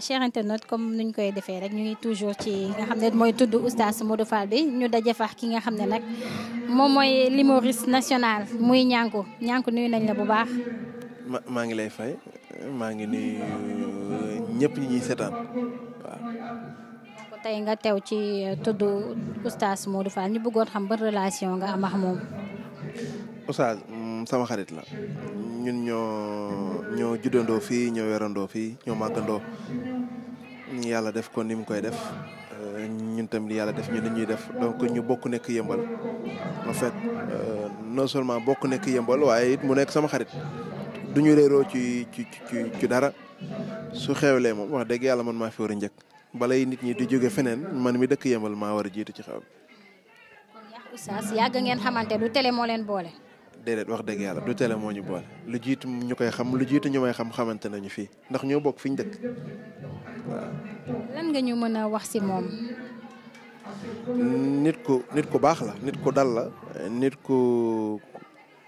cher internet comme nuñ koy defee rek ñu ngi toujours ci nga xam ne mooy tudd oustaz Modou Fall bi ñu daje fax ki nga xam ne nag moom mooy l'humoriste national muy ñànku ñànku nuyu nañ la bu baax. ma maa ngi lay fay maa ngi nuyu ñëpp ñi ñuy seetaan tey nga tew ci tudd oustaz Modou Fall ñu bëggoon xam ba relation nga am moom. oustaz mm, sama xarit la ñun ñoo ñoo juddandoo fii ñoo yorandoo fii ñoo màggandoo yàlla def ko ni mu koy def euh, ñun tamit yàlla def ñu ni ñuy def donc ñu bokk nekk yëmbal en fait euh, non seulement bokk nekk yëmbal waaye it mu nekk sama xarit du ñu réeroo ci ci ci ci dara su xewlee moom wax dëgg yàlla man ma fi war a njëkk balay nit ñi di jóge feneen man mi dakk yembal maa war a jiitu ci xew bi. déedéet wax dëgg yàlla du tele moo ñu boole lu jiitu ñu koy xam lu jiitu ñu may xam xamante nañu fii ndax ñu bokk fi ñu dëkk waaw. lan nga ñu mën a wax ci moom. nit ku nit ku baax la nit ku dal la nit ku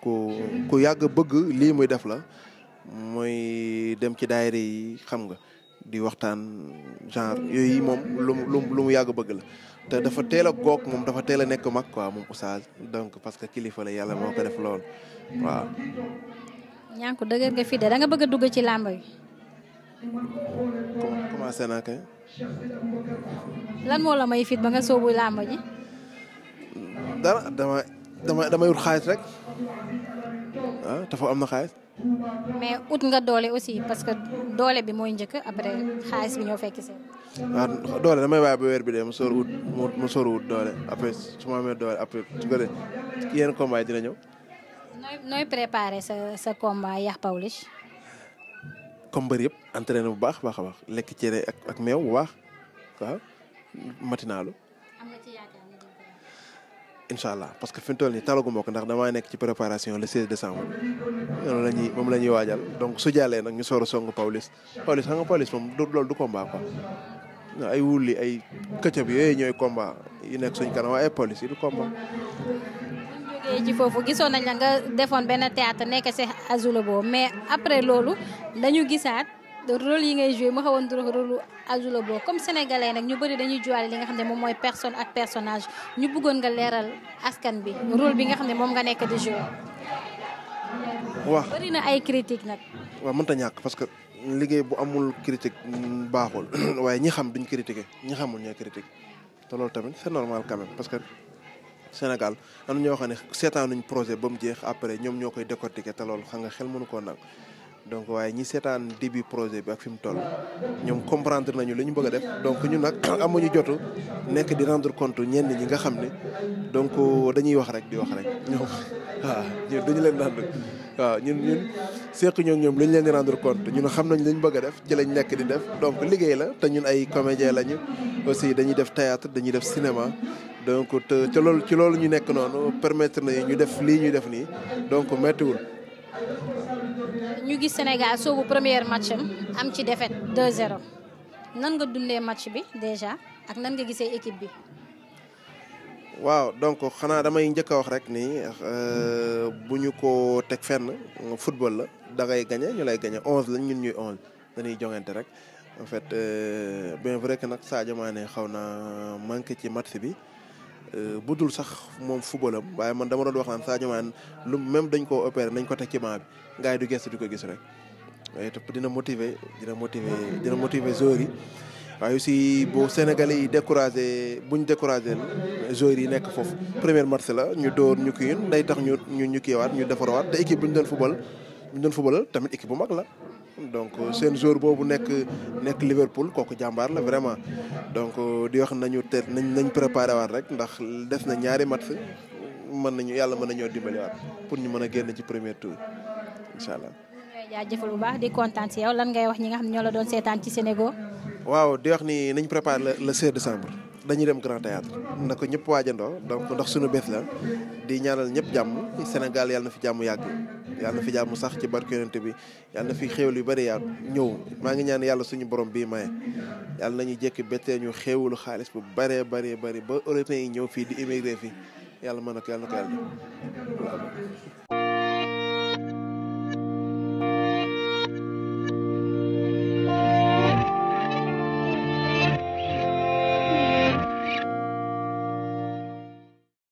ku ku yàgg bëgg lii muy def la muy dem ci daayira yi xam nga. di waxtaan genre yooyu moom lu mu lu yàgg bëgg la te dafa teel a goog moom dafa teel a nekk mag quoi moom oustaz donc parce que kilifa la yàlla moo ko def lool waaw. ñànku dëgër nga fi de da nga bëgg dugg ci làmb yi. commencé naa kay. lan moo la may fit ba nga soobu làmb ji. dara dama dama damay xaalis rek ah dafa am na xaalis. mais ut nga doole aussi parce que doole bi mooy njëkk après xaalis bi ñoo fekk seen. waaw doole damay waaye ba weer bi dee mu soor wut mu soor wut doole après su ma amee doole après su ko dee yenn combat yi dina ñëw. nooy nooy préparé sa sa combat Yax Pawlish. comme mbër yëpp entraîné bu baax baax a lekk cere ak ak meew bu baax incha allah parce que fi mu toll nii talagu ko ndax damaa nekk ci préparation le 16 décembre loolu moom la waajal donc su jàllee nag ñu soor a song Pawlish Pawlish xam nga Pawlish moom du loolu du combat quoi ay wulli ay këcëb yooyu ñooy combat yu nekk suñ kanam waaye ay Pawlish yi du combat. ci foofu gisoon nañ la nga defoon benn théâtre nekk Azulo boobu mais après loolu lañu gisaat. rôle yi ngay joué mu xawoon rôle Azou la boo comme sénégalais nag ñu bëri dañuy juwaale li nga xam ne moom mooy personne ak personnage ñu bëggoon nga leeral askan bi rôle bi nga xam ne moom nga nekk di joué. waaw bëri na ay critique nag. waaw mënta ñàkk parce que liggéey bu amul critique baaxul waaye ñi xam duñ critiqué ñi xamul ñooy critique te loolu tamit c'est normal quand parce que Sénégal am na ñoo xam ne seetaanuñ projet ba mu jeex après ñoom ñoo koy décortiquer te loolu xam nga xel mënu koo nag donc waaye ñi seetaan début projet bi ak fi mu toll ñoom comprendre nañu li ñu bëgg a def donc ñun nag amuñu jotu nekk di rendre compte ñenn ñi nga xam ne donc dañuy wax rek di wax rek ñoom waaw ñun dañu leen rendre waaw ñun ñun ñoo ñoom lañ leen di rendre compte ñun xam nañ li ñu bëgg def ci lañ nekk di def donc liggéey la te ñun ay comédien lañu aussi dañuy def théâtre dañuy def cinéma donc te ca loolu ci loolu ñu nekk noonu permettre na ñu def lii ñu def nii donc méttiwul ñu gis Sénégal soobu première match am am ci défaite 2-0 nan nga dundee match bi déjà ak nan nga gisee équipe bi. waaw donc xanaa damay njëkk a wax rek ni euh, bu ñu ko teg fenn football la da ngay ñu lay gagné 11 lañ ñun ñuy 11 dañuy joŋante rek en fait euh, bien vrai que nag Sadio Mané xaw naa manqué ci match bi. Euh, bu dul sax moom footballam waaye man dama doon wax naan Sadio Mané lu même dañ koo opéré nañ ko te ci maa du gars yi du gëstu ko gis rek. waaye topp dina motiver dina motiver dina motiver joueurs yi waaye aussi boo Sénégalais yi découragé buñ découragé joueurs yi nekk foofu. première match la ñu door ñu kii day tax ñu ñu ñu kiiwaat ñu defarawaat te équipe bu ñu doon football bu ñu football tamit équipe bu mag la. donc euh, seen joueur boobu nekk nekk Liverpool kooku jàmbaar la vraiment donc euh, di wax nañu te nañ nañ préparé waat rek ndax def na ñaari match mën nañu yàlla mën nañoo dimbali waat pour ñu mën a génn ci premier tour incha allah. jaajëfal bu baax di kontaan si yow lan ngay wax ñi nga xam ne ñoo la doon seetaan ci Sénégal. waaw di wax ni nañ préparé le 16 décembre. dañuy dem Grand Théâtre na ko ñëpp waajandoo donc ndax suñu bees la di ñaanal ñëpp jàmm Sénégal yàlla na fi jàmm yàgg. yàlla na fi mu sax ci barke bi yàlla na fi xéewal yu bari yaatu ñëw maa ngi ñaan yàlla suñu borom bii maye yàlla na nañu jekki bettee ñu xéewalu xaalis bu baree baree bari ba européens yi ñëw fii di immigré fii yàlla mën na ko yàlla na ko yàlla